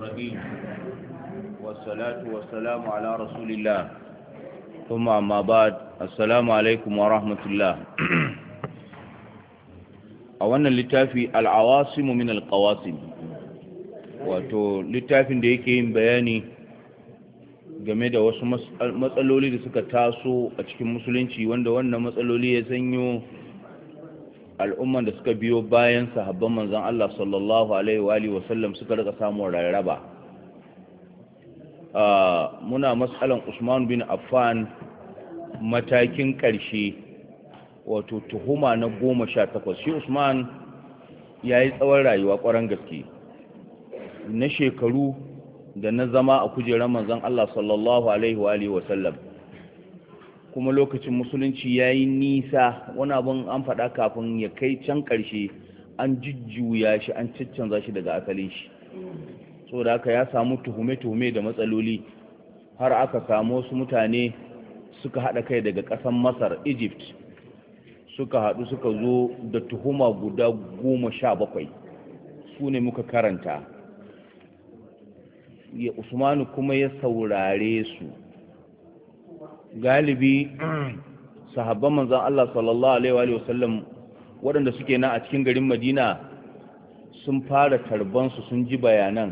الرجيم والصلاة والسلام على رسول الله ثم أما بعد السلام عليكم ورحمة الله أولا لتافي العواصم من القواسم wato littafin da yake yin bayani game da wasu matsaloli da suka taso a cikin musulunci wanda wannan matsaloli ya sanyo al'umman da suka biyo bayan sahabban manzan Allah sallallahu alaihi wa wasallam suka rika samun rarraba ah, muna matsalan Usman bin Affan matakin ƙarshe wato tuhuma na goma sha takwas shi Usman ya yi tsawon rayuwa kwaran gaske na shekaru da na zama a kujerar manzan Allah sallallahu alaihi wa wasallam kuma lokacin musulunci ya yi nisa wani abin an faɗa kafin ya kai can ƙarshe an jujjuya shi an ciccanza shi daga asalin shi da aka ya samu tuhume-tuhume da matsaloli har aka samu wasu mutane suka haɗa kai daga ƙasar masar egypt suka haɗu suka zo da tuhuma guda goma sha bakwai su ne muka karanta usmanu kuma ya saurare su galibi sahabban manzan Allah sallallahu alaihi wa waɗanda suke na a cikin garin Madina sun fara tarbansu sun ji bayanan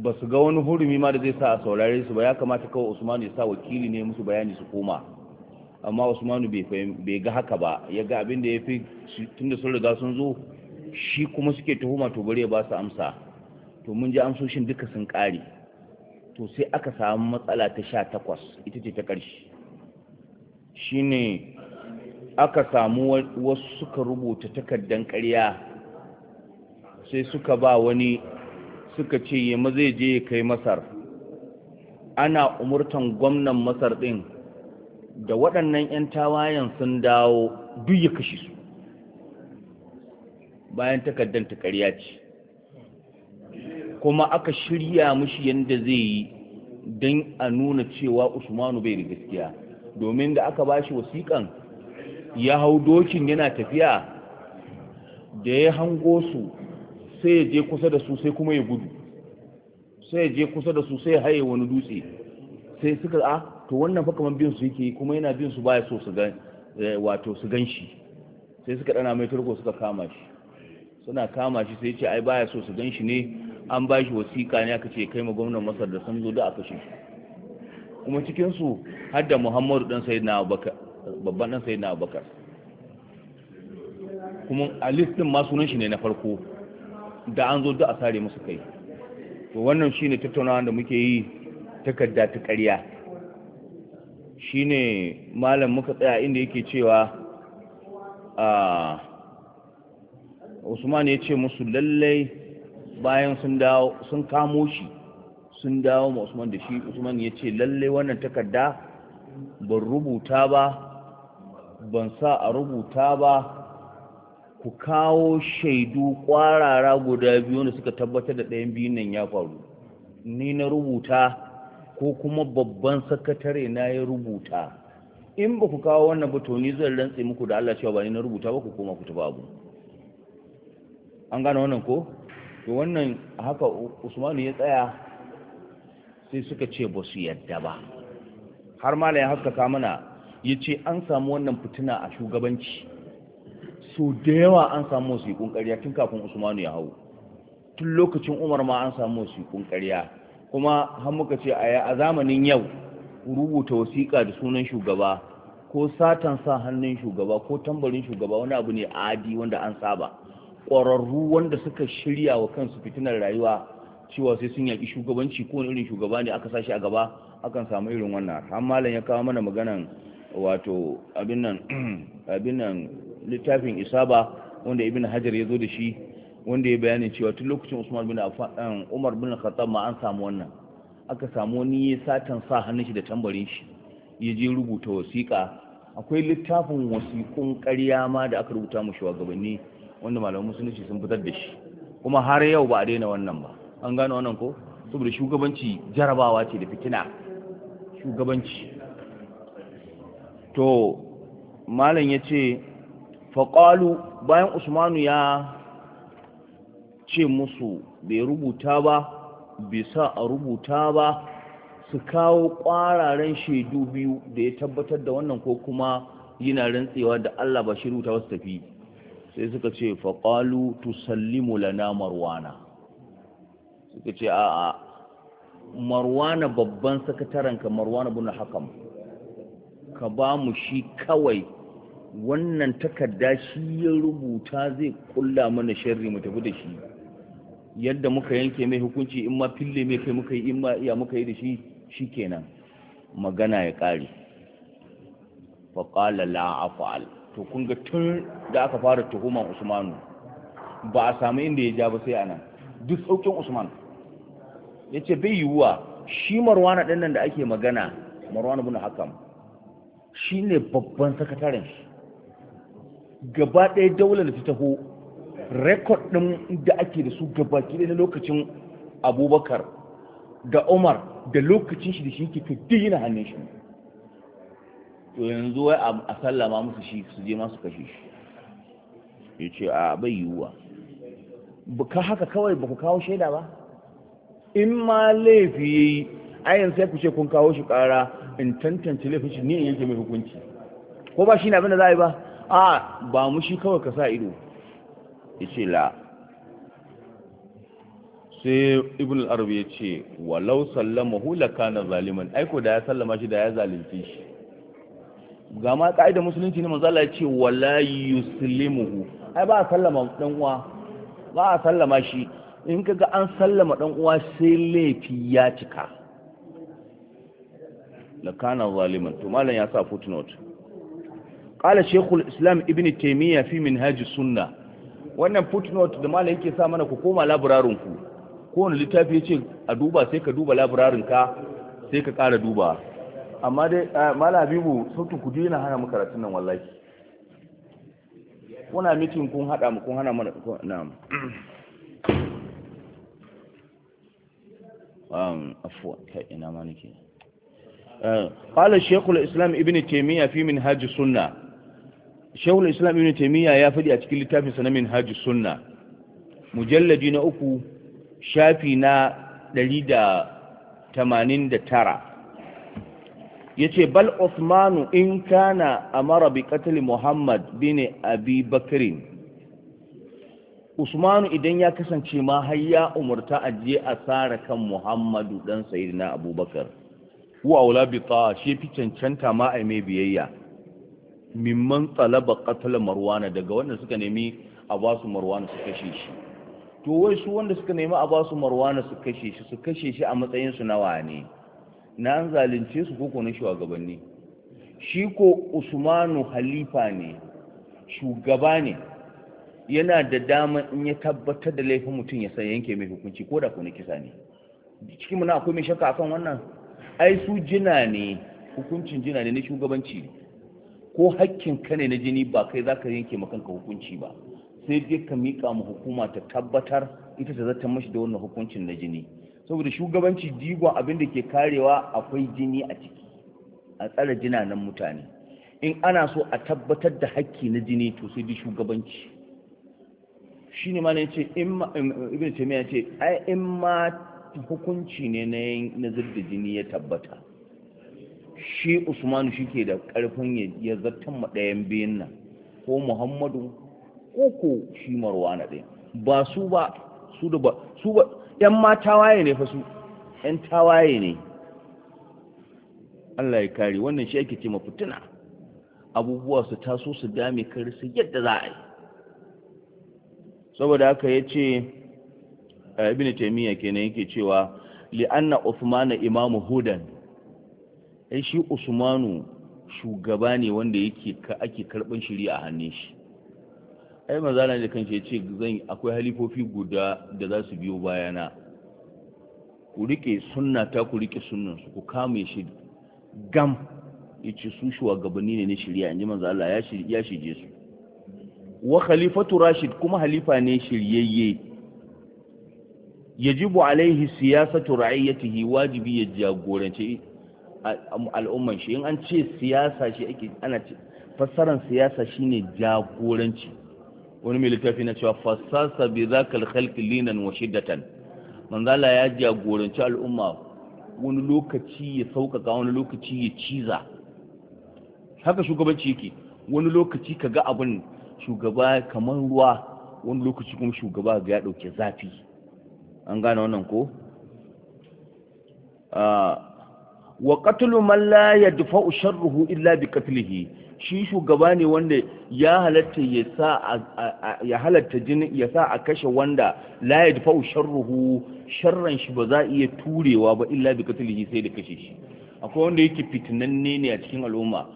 ba su ga wani hurumi ma da zai sa a saurare su ba ya kamata kawai Usmanu ya sa wakili ne musu bayani su koma amma Usmanu bai ga haka ba ya ga abin da ya fi tunda sun riga sun zo shi kuma suke tuhuma to bari ya ba su amsa to mun ji amsoshin duka sun ƙare to sai aka samu matsala ta sha takwas ita ce ta ƙarshe shine aka samu wasu suka rubuta takardan ƙarya sai suka ba wani suka ce ya zai je ya kai masar ana umurtan gwamnan masar ɗin da waɗannan 'yan tawayen sun dawo duk ya kashe su bayan takardan ta ƙarya ce kuma aka shirya mushi yadda zai yi don a nuna cewa usmanu bai da gaskiya domin da aka bashi wasiƙan ya hau dokin yana tafiya da ya hango su sai ya je kusa da su sai kuma ya gudu sai ya je kusa da su sai ya haye wani dutse sai suka a ah, to wannan fa kaman bin su yake kuma yana bin su baya so su gan eh, wato su gan shi sai suka dana mai turko suka kama shi suna kama shi sai ya ce ai baya so su gan shi ne an ba shi wasiƙa ne aka ce kai ma gwamnan masar da sun zo da aka shi kuma cikinsu har da muhammadu dan sai na babban dan sai na abubakar kuma a listin ma sunan shi ne na farko da an zo da a sare musu kai to wannan shine tattaunawa da muke yi takarda ta ƙarya shine malam muka tsaya inda yake cewa a usman ya ce musu lallai bayan sun dawo sun kamo shi sun dawo ma Usman da shi Usman ya ce lalle wannan takarda ban rubuta ba ban sa a rubuta ba ku kawo shaidu kwarara guda biyu da suka tabbatar da ɗayan biyun nan ya faru ni na rubuta ko kuma babban sakatare na ya rubuta in ba ku kawo wannan ba to ni zan rantse muku da Allah cewa ba ni na rubuta ba ku koma ku tafi abu an gane wannan ko to wannan haka usmanu ya tsaya sai suka ce ba su yadda ba har mala ya haskaka mana ya ce an samu wannan fitina a shugabanci so da yawa an samu wasu yi ƙarya tun kafin usmanu ya hau tun lokacin umar ma an samu wasu yi ƙarya kuma har muka ce a zamanin yau rubuta wasiƙa da sunan shugaba ko satan sa hannun shugaba ko tambarin shugaba wani abu ne adi wanda an saba ƙwararru wanda suka shirya wa kansu fitinar rayuwa cewa sai sun yaƙi shugabanci ko irin shugaba ne aka sashi a gaba akan samu irin wannan har malam ya kawo mana maganan wato abin nan abin nan littafin isaba wanda ibn hajar ya zo da shi wanda ya bayani cewa tun lokacin usman bin affan um, umar bin khattab ma an samu wannan aka samu wani satan sa hannun shi da tambarin shi ya je rubuta wasiƙa akwai littafin wasiƙun ƙarya ma da aka rubuta mu shugabanni wanda malaman musulunci sun fitar da shi kuma har yau ba a daina wannan ba an gano wannan ko saboda shugabanci jarabawa ce da fitina shugabanci to malam ya ce faƙalu bayan usmanu ya ce musu bai rubuta ba bai sa a rubuta ba su kawo ƙwararen shaidu biyu da ya tabbatar da wannan ko kuma yana rantsewa da allah ba shi rubuta wasu tafi sai suka ce faƙalu tusallimu lana marwana suka ce a'a marwana babban sakatarenka marwana bin hakan ka ba mu shi kawai wannan takarda shi ya rubuta zai kulla mana shirri mu tafi da shi yadda muka yanke mai hukunci in ma fille mai kai muka yi in ma iya muka yi da shi shi kenan magana ya ƙare faƙala la to kun tun da aka fara tuhuman usmanu ba a samu inda ya ja ba sai anan duk saukin usman ya ce bai yiwuwa shi marwana ɗin nan da ake magana marwana bin hakam shi ne babban sakataren shi gaba ɗaya daular da ta taho rekod ɗin da ake da su gaba ki na lokacin abubakar da umar da lokacin shi da shi ke duk yana hannun shi to yanzu wai a sallama musu shi su je masu kashe shi ya ce a bai yiwuwa ka haka kawai ba ku kawo shaida ba in ma laifi ya yi ayin sai ku ce kun kawo shi kara in tantance laifin shi ni in yanke mai hukunci ko ba shi na abin da za a yi ba a ba mu shi kawai ka sa ido ya ce la sai ibn arabi ya ce walau sallama hulaka na zaliman aiko da ya sallama shi da ya zalunce shi ga ma ka'idar musulunci ne manzo Allah ya ce wala yuslimuhu ai ba a sallama dan uwa ba a sallama shi in kaga an sallama dan uwa sai laifi ya cika lakana zaliman to malam ya sa footnote qala shaykhul islam ibn taymiya fi minhaj sunna wannan footnote da malam yake sa mana ku koma laburarin ku kowane littafi ce a duba sai ka duba laburarin ka sai ka kara dubawa. amma dai mala habibu sautu ku dina hana muka ratun nan wallahi kuna mitin kun hada mu kun hana mana ko na'am um afwa kai ina ma nake uh, qala shaykhul islam ibn taymiya fi min minhaj sunna shaykhul islam ibn taymiya ya fadi a cikin littafin sa na minhaj sunna mujalladi na uku shafi na 189 yace bal Usmanu in kana amara bi qatl Muhammad bin Abi Bakr Usmanu idan ya kasance ma har ya umurta aje a sare kan Muhammadu dan Sayyidina Abubakar wa aula bi ta shi fi cancanta ma ai mai biyayya mimman talaba qatl Marwana daga wanda suka nemi a basu Marwana su kashe shi to wai su wanda suka nemi a basu Marwana su kashe shi su kashe shi a matsayin su nawa ne na an zalunce su koko na shugabanni shi ko usmanu halifa ne shugaba ne yana da dama in ya tabbatar da laifin mutum ya san yanke mai hukunci ko da kuna kisa ne cikin muna akwai mai shakka akan wannan ai su jina ne hukuncin jina ne na shugabanci ko hakkin ka ne na jini ba kai za ka yanke makanka hukunci ba sai dai ka miƙa ma hukuma ta tabbatar ita ta zata mashi da wannan hukuncin na jini saboda shugabanci jigon abin da ke karewa akwai jini a ciki a tsara jinanan mutane in ana so a tabbatar da hakki na jini to sai di shugabanci shi ne mana ce ibn ya ce ai in ma hukunci ne na da jini ya tabbata shi usmanu shi ke da karfin ya zartan maɗayan biyun nan ko muhammadu ko ko shi na ɗaya ba su ba su da ba su ba ‘yan ma waye ne fasu ‘yan tawaye ne Allah ya kari wannan shi ake ce mafutuna abubuwa su taso su dame kari su yadda za a yi saboda haka ya ce ibn taimiyya kenan yake cewa li'anna usmana imamu hudan ‘yan shi usmanu shugaba ne wanda yake ake karɓin shiri a hannun shi ai manzana da kanshi ya ce zan akwai halifofi guda da za su biyo bayana ku rike sunna ta ku rike sunnan su ku kame shi gam ya ce su gabani ne na shirya inji ji Allah ya shirye su wa khalifatu rashid kuma halifa ne shiryayye yajibu alaihi siyasatu ra'iyatihi wajibi ya jagorance al'umman shi in an ce siyasa shi ake ana ce fassaran siyasa shine jagoranci wani mai littafi na cewa fasasa bi ka khalqi linan wa shiddatan manzala ya jagoranci al'umma wani lokaci ya sauƙaƙa wani lokaci ya ciza haka shugabanci yake wani lokaci ka ga abin shugaba kamar ruwa wani lokaci kuma shugaba ga ya ɗauke zafi an gane wannan ko ah, wa qatlu man la yadfa'u sharruhu illa bi shi shugaba ne wanda ya halatta ya sa ya halatta jini ya sa a kashe wanda la yadfa'u sharruhu sharran shi ba za iya turewa ba illa bi sai da kashe shi akwai wanda yake fitinanne ne a cikin al'umma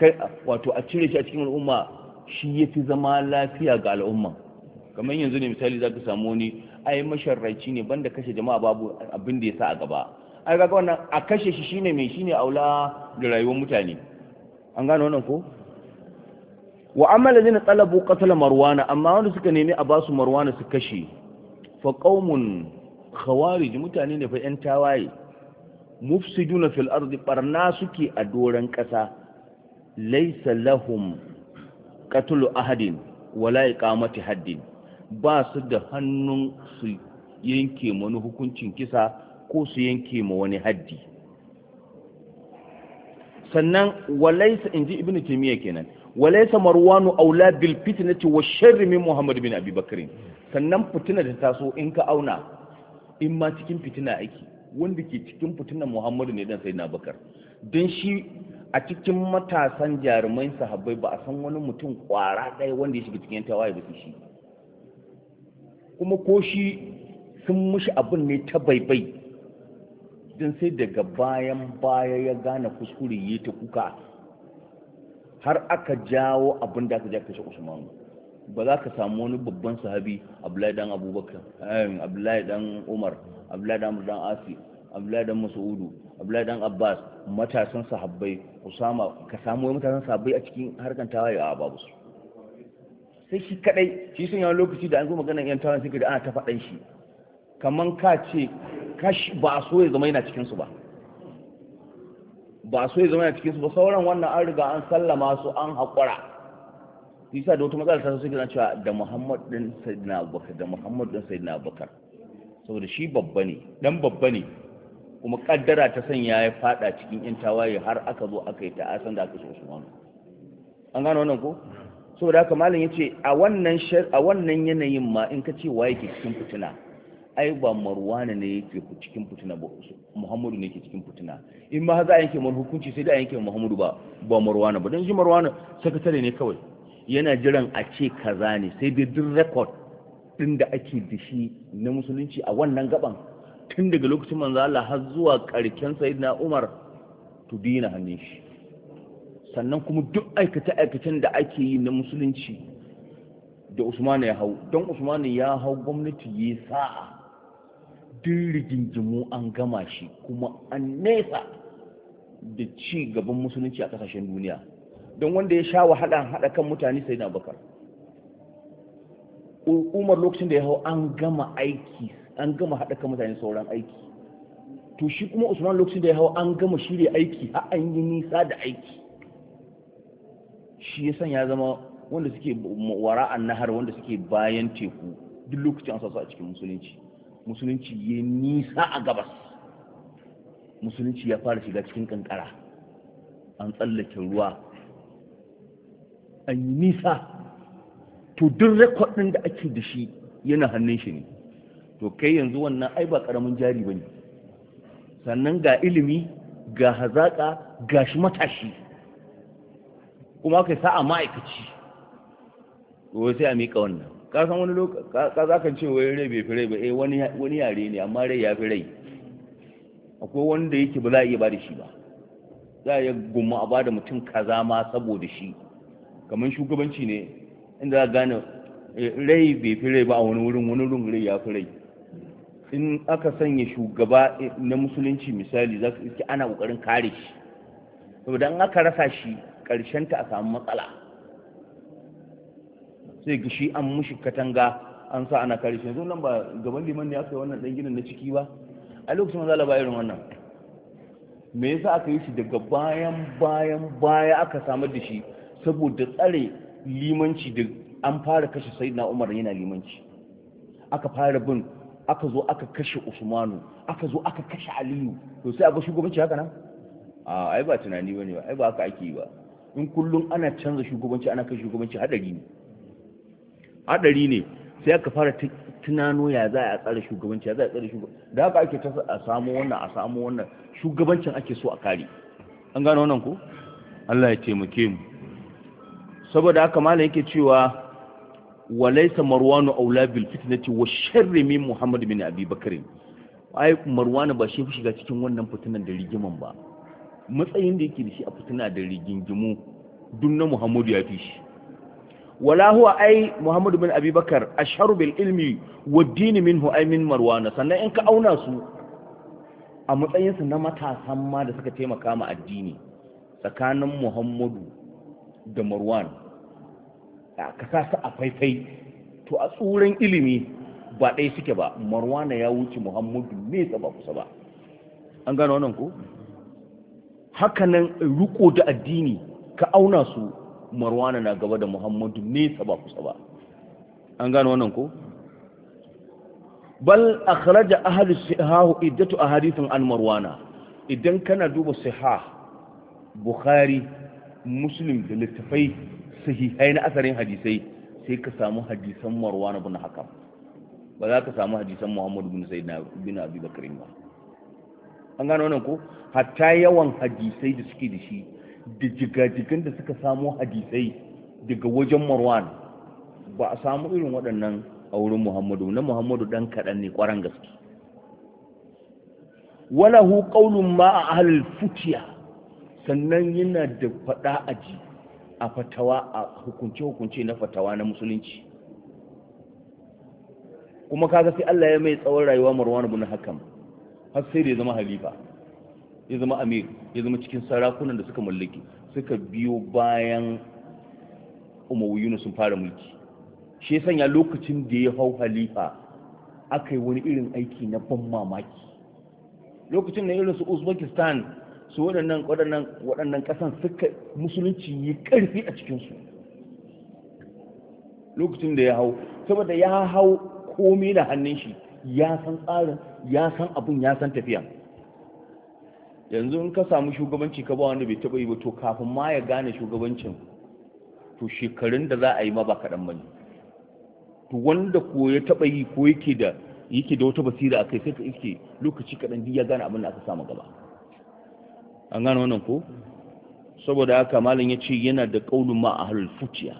kai wato a cire shi a cikin al'umma shi yafi zama lafiya ga al'umma kamar yanzu ne misali zaka samu wani ai masharraci ne banda kashe jama'a babu abin da ya sa a gaba ai kaga wannan a kashe shi shine mai shine aula da rayuwar mutane an gano wannan ko wa amma ladina talabu qatl marwana amma wanda suka nemi a basu marwana su kashe fa qaumun khawarij mutane ne fa yan tawaye mufsiduna fil ardi barna suke a doran kasa laysa lahum qatl ahadin wala iqamati haddin ba su da hannun su yanke wani hukuncin kisa ko su yanke ma wani haddi sannan walaisa in ji ibn taimiyya kenan walaisa marwanu aula bil fitnati wa sharri min muhammad bin abi bakrin sannan fitina da taso in ka auna in ma cikin fitina aiki wanda ke cikin fitinan muhammadu ne dan sayyidina bakar dan shi a cikin matasan jarumai sahabbai ba a san wani mutum kwara ɗaya wanda ya shiga cikin tawaye ba shi kuma ko shi sun mushi abin ne ta baibai din sai daga bayan baya ya gane kuskure ya ta kuka har aka jawo abin da aka ja kashe usman ba za ka samu wani babban sahabi abdullahi dan abubakar abdullahi dan umar abdullahi dan dan asi abdullahi dan masudu abulai dan abbas matasan sahabbai usama ka samu wani matasan sahabbai a cikin harkar tawaye a babu su sai shi kadai shi sun yawon lokaci da an zo maganar yan tawaye sai ka da ana ta faɗan shi kaman ka ce Kashi ba a so ya zama yana cikinsu ba ba so ya zama yana cikinsu ba sauran wannan an riga an sallama su an haƙura isa da wata matsala ta sassu gina cewa da muhammad ɗin sayyidina abubakar da muhammad ɗin sayyidina abubakar saboda shi babba ne dan babba ne kuma kaddara ta sanya ya fada cikin yan tawaye har aka zo aka yi ta'asan da aka so wani an gano wannan ko saboda haka malam ya ce a wannan yanayin ma in ka ce wa ke cikin fitina ai ba marwana ne yake cikin fitina ba muhammadu ne yake cikin fitina in ma za a yanke mun hukunci sai da a yanke muhammadu ba ba marwana ba don shi marwana sakatare ne kawai yana jiran a ce kaza ne sai dai duk record din da ake da shi na musulunci a wannan gaban tun daga lokacin manzo Allah har zuwa karken sayyidina Umar to dina hannun shi sannan kuma duk aikace aikacen da ake yi na musulunci da Usman ya hau don Usman ya hau gwamnati ya sa'a duk rigingimu an gama shi kuma an nesa da ci gaban musulunci a kasashen duniya don wanda ya sha wahala haɗa kan mutane sai na bakar umar lokacin da ya hau an gama aiki an gama haɗa kan mutane sauran aiki to shi kuma usman lokacin da ya hau an gama shirya aiki a an yi nisa da aiki shi ya sanya zama wanda suke wara'an nahar wanda suke bayan teku duk lokacin an sasu a cikin musulunci musulunci ya nisa a gabas musulunci ya fara shiga cikin kankara an tsallake ruwa an yi nisa to duk rekod ɗin da ake da shi yana hannun shi ne to kai yanzu wannan ai ba karamin jari ba ne sannan ga ilimi ga hazaƙa ga shi matashi kuma kai sa'a ma'aikaci to sai a miƙa wannan ka san wani lokaci ka za kan ce wai rai bai fi rai ba eh wani yare ne amma rai ya fi rai akwai wanda yake ba za a iya ba da shi ba za a iya gumma a ba da mutum kaza ma saboda shi kamar shugabanci ne inda za a gane eh, rai bai fi rai ba a wani wurin wani wurin rai ya fi rai in aka sanya shugaba eh, na musulunci misali za ka iske ana kokarin kare shi saboda in aka rasa shi karshen ta a samu matsala sai ga shi an mushi katanga an sa ana kare shi yanzu nan ba gaban liman ne aka yi wannan dan gidan na ciki ba a lokacin maza ba irin wannan me yasa aka yi shi daga bayan bayan baya aka samar da shi saboda tsare limanci da an fara kashe sayyidina Umar yana limanci aka fara bin aka zo aka kashe Usmanu aka zo aka kashe Aliyu to sai aka shugabanci haka nan a ai ba tunani bane ba ai ba haka ake yi ba in kullum ana canza shugabanci ana kashe shugabanci hadari ne hadari ne sai aka fara tunano ya za a tsara shugabanci ya za a tsara shugabanci da haka ake ta a samu wannan a samu wannan shugabancin ake so a kare an gano wannan ko Allah ya taimake mu saboda haka malam yake cewa walaysa marwanu aula bil fitnati wa sharri min muhammad bin abi bakr ai marwanu ba shi shiga cikin wannan fitinan da rigiman ba matsayin da yake da shi a fitina da rigingimu dunna muhammad muhammadu ya fi shi wala huwa ai muhammadu bin abubakar asharu bil ilmi wa dini minhu ai min marwana sannan in ka auna su a matsayinsa na matasan ma da suka taimaka ma addini tsakanin muhammadu da marwan ka sa su a faifai to a tsuran ilimi ba ɗaya suke ba marwana ya wuce muhammadu ne ba kusa ba an gano wannan ko hakanan riko da addini ka auna su marwana na gaba da muhammadu nesa ba kusa ba an gano wannan ko bal akhraja ahli sihahu iddatu ahadithin an marwana idan kana duba sihah bukhari muslim da littafai sahihai na asarin hadisai sai ka samu hadisan marwana bin hakam ba za ka samu hadisan muhammadu bin sayyidina bin abi ba an gano wannan ko hatta yawan hadisai da suke da shi da jigajigan da suka samo hadisai daga wajen marwan ba a samu irin waɗannan a wurin muhammadu na muhammadu ɗan kaɗan ne ƙwaran gaske hu ƙaunin ma a ahalil futiya sannan yana da faɗa aji a fatawa a hukunce-hukunce na fatawa na musulunci kuma kaga sai Allah ya mai tsawon rayuwa marwan na hakan, har sai da ya zama halifa ya zama amir ya zama cikin sarakunan da suka mallaki suka biyo bayan umawiyuna sun fara mulki shi ya sanya lokacin da ya hau halifa aka yi wani irin aiki na ban mamaki lokacin da irin su uzbekistan su waɗannan waɗannan waɗannan ƙasan suka musulunci yi ƙarfi a cikinsu lokacin da ya hau saboda ya hau komai da hannun shi ya san tsarin ya san abin ya san tafiya yanzu in ka samu shugabanci ka ba wanda bai taɓa yi ba to kafin ma ya gane shugabancin to shekarun da za a yi ma ba kaɗan ba ne to wanda ko ya taɓa yi ko yake da yake da wata basira a kai sai ka iske lokaci kaɗan ya gane abin da aka samu gaba an gane wannan ko saboda haka malam ya ce yana da ƙaunin ma a halin fuciya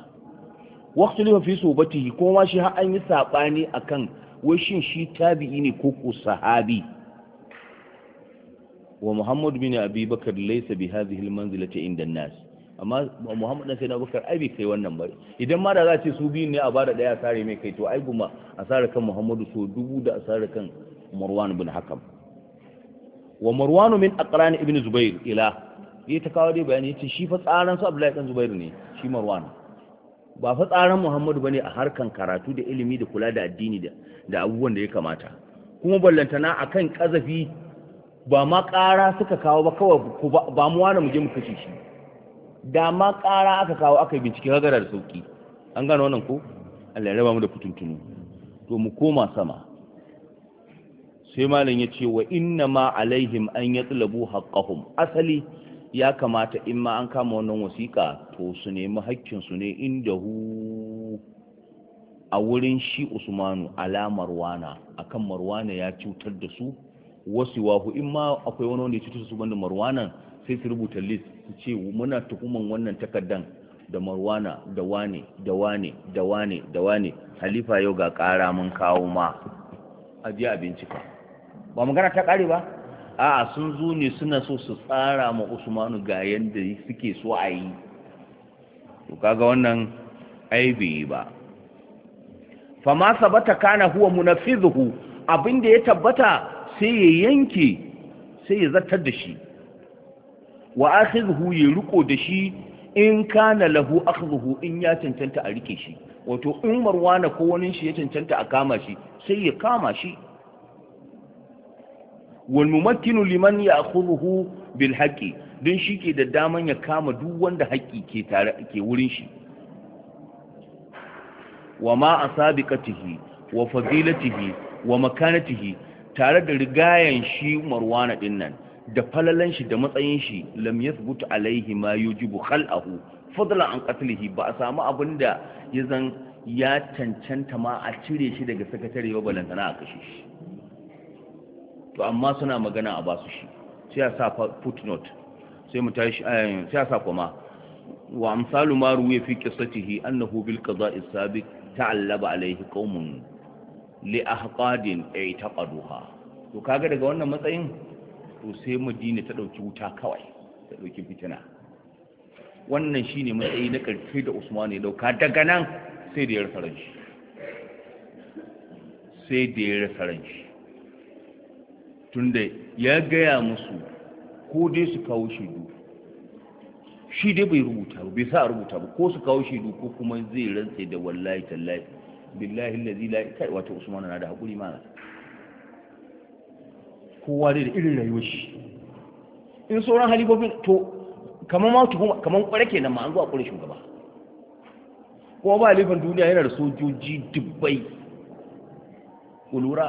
waktu lifa fi sobatihi kuma ma shi har an yi saɓani akan wai shin shi tabi'i ne ko ko sahabi wa muhammad bin abi bakar laysa bi hadhihi almanzilati inda an-nas amma muhammad dan sayyidina Abubakar ai bai kai wannan ba idan ma da za ce su biyu ne a bada daya sare mai kai to ai guma asara kan muhammadu so dubu da asara kan marwan bin hakam wa marwan min aqran ibn zubair ila yi ta kawo dai bayani yace shi fa tsaran su abdullahi dan zubair ne shi marwan ba fa tsaran muhammadu bane a harkan karatu da ilimi da kula da addini da da abubuwan da ya kamata kuma ballantana akan kazafi ba ma ƙara suka kawo ba kawai ba mu wani muje mu kashe shi da ma ƙara aka kawo aka yi bincike hagara da sauƙi an gano wannan ko Allah ya raba mu da fituntunu to mu koma sama sai malam ya ce wa inna ma alaihim an yatlabu haqqahum asali ya kamata in ma an kama wannan wasiƙa to su nemi haƙƙin su ne inda hu a wurin shi Usmanu alamar wana akan marwana ya cutar da su wasu wahu in ma akwai wani wanda ya cutar su banda marwanan sai su rubuta list su ce muna tuhuman wannan takardan da marwana da wane da wane da wane da wane halifa yau ga kara mun kawo ma a je a bincika ba magana ta kare ba 'a sun zo ne suna so su tsara ma usmanu ga yadda suke so a yi to kaga wannan aibi ba ma sabata kana huwa munafizuhu abin da ya tabbata sai ya yanke sai ya zartar da shi wa akhidhu ya riko da shi in kana lahu akhdhu in ya cancanta a rike shi wato in marwana ko wani shi ya cancanta a kama shi sai ya kama shi wal mumakkinu liman ya'khudhuhu bil haqqi don shi ke da daman ya kama duk wanda haƙƙi ke tare ke wurin shi wa ma asabiqatihi wa fadilatihi wa makanatihi tare da rigayen shi marwana din nan da falalan shi da matsayin shi lam yathbutu alaihi ma yujibu khal'ahu fadlan an qatlihi ba a samu abin da ya zan ya cancanta ma a cire shi daga sakatare ba balantana a kashe shi to amma suna magana a basu shi sai ya sa footnote sai mu tashi eh, sai ya sa kuma wa amsalu ma ruwiya fi qissatihi annahu bil qada'i sabiq ta'allaba alaihi qaumun li ahqadin aitaqaduha to kaga daga wannan matsayin to sai madina ta dauki wuta kawai ta dauki fitina wannan shine matsayi na karfe da Usman ya dauka daga nan sai da ya rasa sai da ya rasa tunda ya gaya musu ko dai su kawo shaidu shi dai bai rubuta bai sa rubuta ba ko su kawo shaidu ko kuma zai rantse da wallahi tallahi billahi allazi la kai wato usman na da hakuri ma kowa dai da irin rayuwar shi in sauran halibobi to kamar ma tuhuma kamar kware kenan ma an zo a kware shugaba kuma ba halifan duniya yana da sojoji dubbai kulura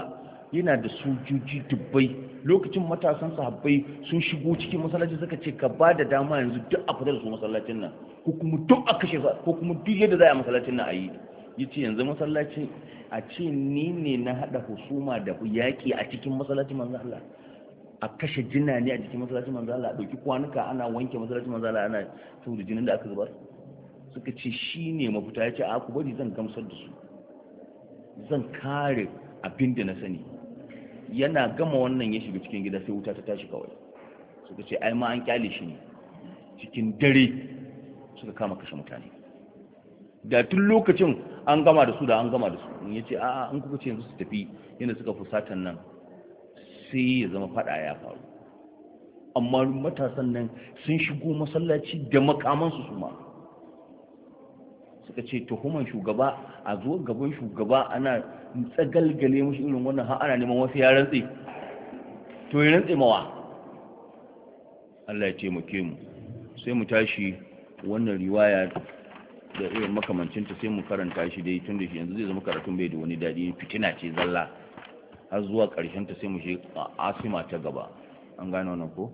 yana da sojoji dubbai lokacin matasan sahabbai sun shigo cikin masallacin suka ce ka ba da dama yanzu duk a fitar da su masallacin nan ko kuma duk a kashe ko kuma duk yadda za a masallacin nan a yi ya yanzu masallaci a ce ni ne na haɗa husuma da yaki a cikin masallacin manzo Allah a kashe jina ne a cikin masallacin manzo Allah a ɗauki kwanuka ana wanke masallacin manzo Allah ana tura jinin da aka zubar suka ce shi ne mafita ya ce a ku bari zan gamsar da su zan kare abin da na sani yana gama wannan ya shiga cikin gida sai wuta ta tashi kawai suka ce ai ma an kyale shi ne cikin dare suka kama kashe mutane da tun lokacin an gama da su da an gama da su in ce a an kuka ce yanzu su tafi yadda suka fusatan nan sai ya zama fada ya faru amma matasan nan sun shigo masallaci da makamansu su ma suka ce tuhuman shugaba a zuwa gaban shugaba ana tsagalgale mashi irin wannan har ana neman wasu yaran tsaye to ya rantse mawa Allah ya taimake mu sai mu tashi wannan riwaya da irin makamancinta sai mu karanta shi dai tun da shi yanzu zai zama karatun bai da wani daɗi fitina ce zalla har zuwa ƙarshen ta sai mu shi asima ta gaba an gane wannan ko